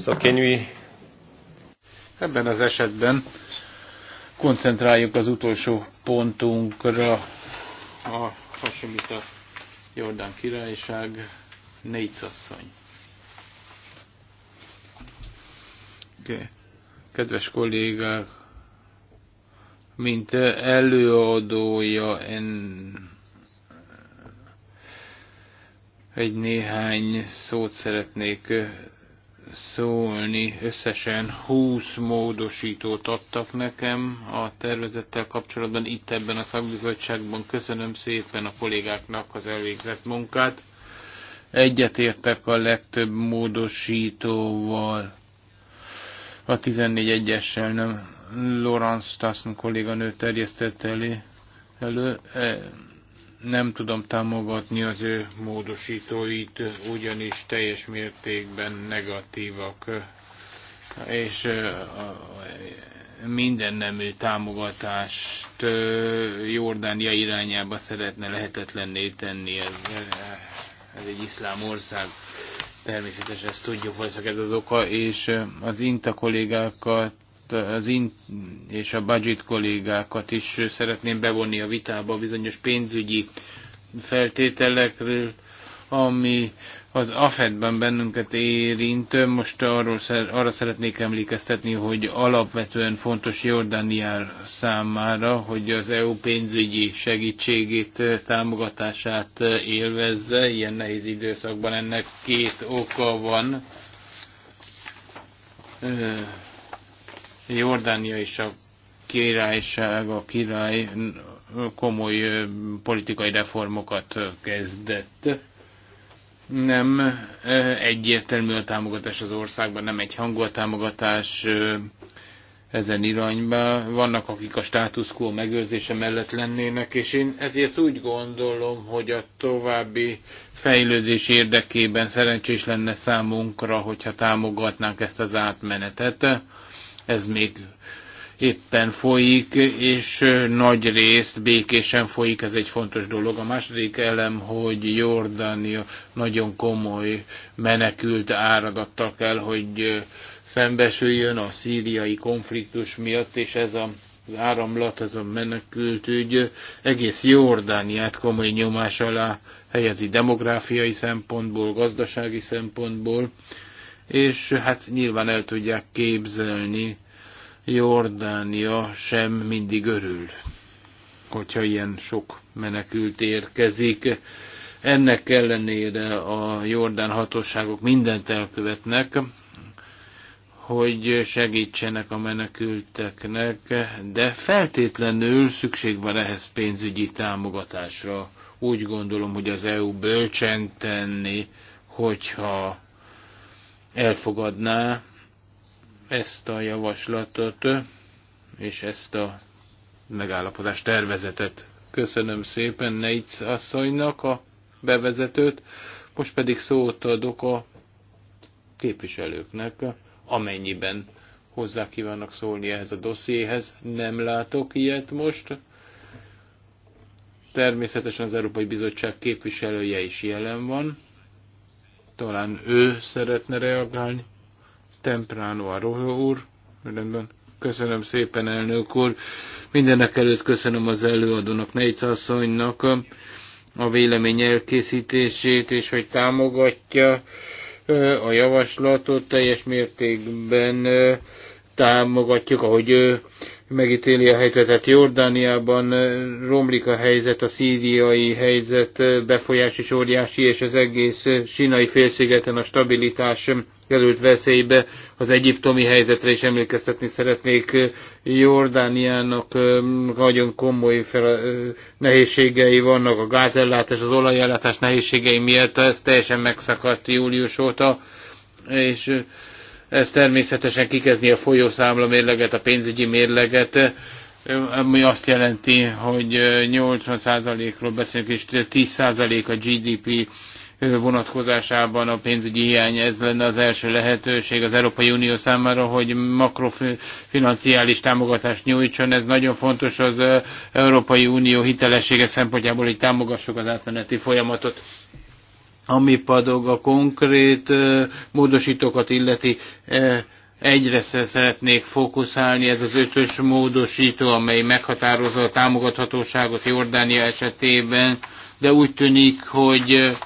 So can we... Ebben az esetben koncentráljuk az utolsó pontunkra a hasonlita Jordán királyság négy Okay. Kedves kollégák, mint előadója en egy néhány szót szeretnék szólni. Összesen 20 módosítót adtak nekem a tervezettel kapcsolatban itt ebben a szakbizottságban. Köszönöm szépen a kollégáknak az elvégzett munkát. Egyetértek a legtöbb módosítóval. A 14-egyessel nem. Lorenz Stassen kolléganő terjesztett elő. elő e, nem tudom támogatni az ő módosítóit, ugyanis teljes mértékben negatívak, és minden nemű támogatást Jordánia irányába szeretne lehetetlenné tenni. Ez, ez egy iszlám ország, természetesen ezt tudjuk, hogy ez az oka, és az INTA kollégákat az in és a budget kollégákat is szeretném bevonni a vitába a bizonyos pénzügyi feltételekről, ami az AFED-ben bennünket érint. Most arról, szer arra szeretnék emlékeztetni, hogy alapvetően fontos Jordániár számára, hogy az EU pénzügyi segítségét, támogatását élvezze. Ilyen nehéz időszakban ennek két oka van Jordánia és a királyság, a király komoly politikai reformokat kezdett. Nem egyértelmű a támogatás az országban, nem egy hangú a támogatás ezen irányban. Vannak, akik a status quo megőrzése mellett lennének, és én ezért úgy gondolom, hogy a további fejlődés érdekében szerencsés lenne számunkra, hogyha támogatnánk ezt az átmenetet ez még éppen folyik, és nagy részt békésen folyik, ez egy fontos dolog. A második elem, hogy Jordánia nagyon komoly menekült áradattal kell, hogy szembesüljön a szíriai konfliktus miatt, és ez a az áramlat, ez a menekült ügy egész Jordániát komoly nyomás alá helyezi demográfiai szempontból, gazdasági szempontból, és hát nyilván el tudják képzelni, Jordánia sem mindig örül, hogyha ilyen sok menekült érkezik. Ennek ellenére a jordán hatóságok mindent elkövetnek, hogy segítsenek a menekülteknek, de feltétlenül szükség van ehhez pénzügyi támogatásra. Úgy gondolom, hogy az EU bölcsen tenni, hogyha elfogadná ezt a javaslatot és ezt a megállapodás tervezetet. Köszönöm szépen Neitz asszonynak a bevezetőt, most pedig szót adok a képviselőknek, amennyiben hozzá kívánnak szólni ehhez a dossziéhez. Nem látok ilyet most. Természetesen az Európai Bizottság képviselője is jelen van. Talán ő szeretne reagálni. Temprano Arroyo úr. Rendben. Köszönöm szépen, elnök úr. Mindenek előtt köszönöm az előadónak, Nejc asszonynak a vélemény elkészítését, és hogy támogatja a javaslatot teljes mértékben támogatjuk, ahogy ő megítéli a helyzetet. Jordániában romlik a helyzet, a szíriai helyzet befolyás is óriási, és az egész sinai félszigeten a stabilitás került veszélybe. Az egyiptomi helyzetre is emlékeztetni szeretnék. Jordániának nagyon komoly fel, nehézségei vannak, a gázellátás, az olajellátás nehézségei miatt, ez teljesen megszakadt július óta, és ez természetesen kikezdi a folyószámla mérleget, a pénzügyi mérleget, ami azt jelenti, hogy 80%-ról beszélünk, és 10% a GDP vonatkozásában a pénzügyi hiány, ez lenne az első lehetőség az Európai Unió számára, hogy makrofinanciális támogatást nyújtson. Ez nagyon fontos az Európai Unió hitelessége szempontjából, hogy támogassuk az átmeneti folyamatot ami padog a konkrét módosítókat illeti, egyre szeretnék fókuszálni, ez az ötös módosító, amely meghatározza a támogathatóságot Jordánia esetében, de úgy tűnik, hogy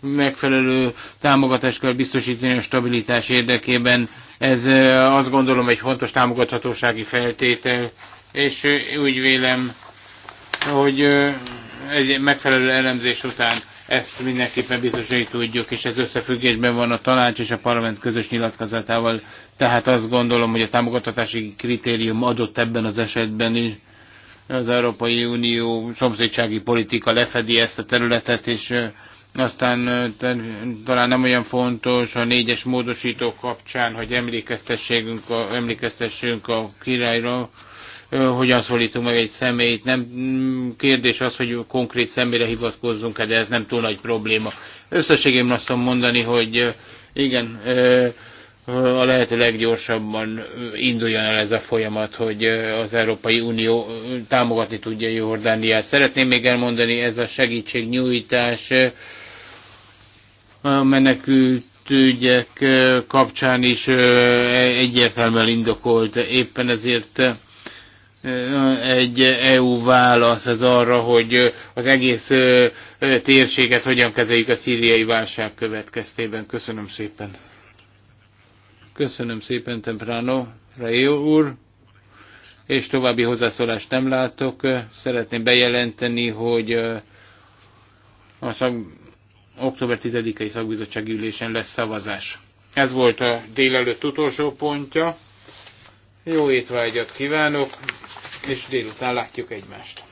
megfelelő támogatást kell biztosítani a stabilitás érdekében. Ez azt gondolom egy fontos támogathatósági feltétel, és úgy vélem, hogy egy megfelelő elemzés után ezt mindenképpen biztosítani tudjuk, és ez összefüggésben van a tanács és a parlament közös nyilatkozatával. Tehát azt gondolom, hogy a támogatási kritérium adott ebben az esetben is. Az Európai Unió szomszédsági politika lefedi ezt a területet, és aztán talán nem olyan fontos a négyes módosító kapcsán, hogy emlékeztessünk a, emlékeztessünk a királyról hogyan szólítunk meg egy személyt. Nem mm, kérdés az, hogy konkrét személyre hivatkozzunk de ez nem túl nagy probléma. Összességében azt tudom mondani, hogy igen, a lehető leggyorsabban induljon el ez a folyamat, hogy az Európai Unió támogatni tudja Jordániát. Szeretném még elmondani, ez a segítségnyújtás a menekült ügyek kapcsán is egyértelműen indokolt. Éppen ezért egy EU válasz az arra, hogy az egész térséget hogyan kezeljük a szíriai válság következtében. Köszönöm szépen. Köszönöm szépen, Temprano, Rejó úr, és további hozzászólást nem látok. Szeretném bejelenteni, hogy a szak... október 10-i szakbizottsági ülésen lesz szavazás. Ez volt a délelőtt utolsó pontja. Jó étvágyat kívánok, és délután látjuk egymást.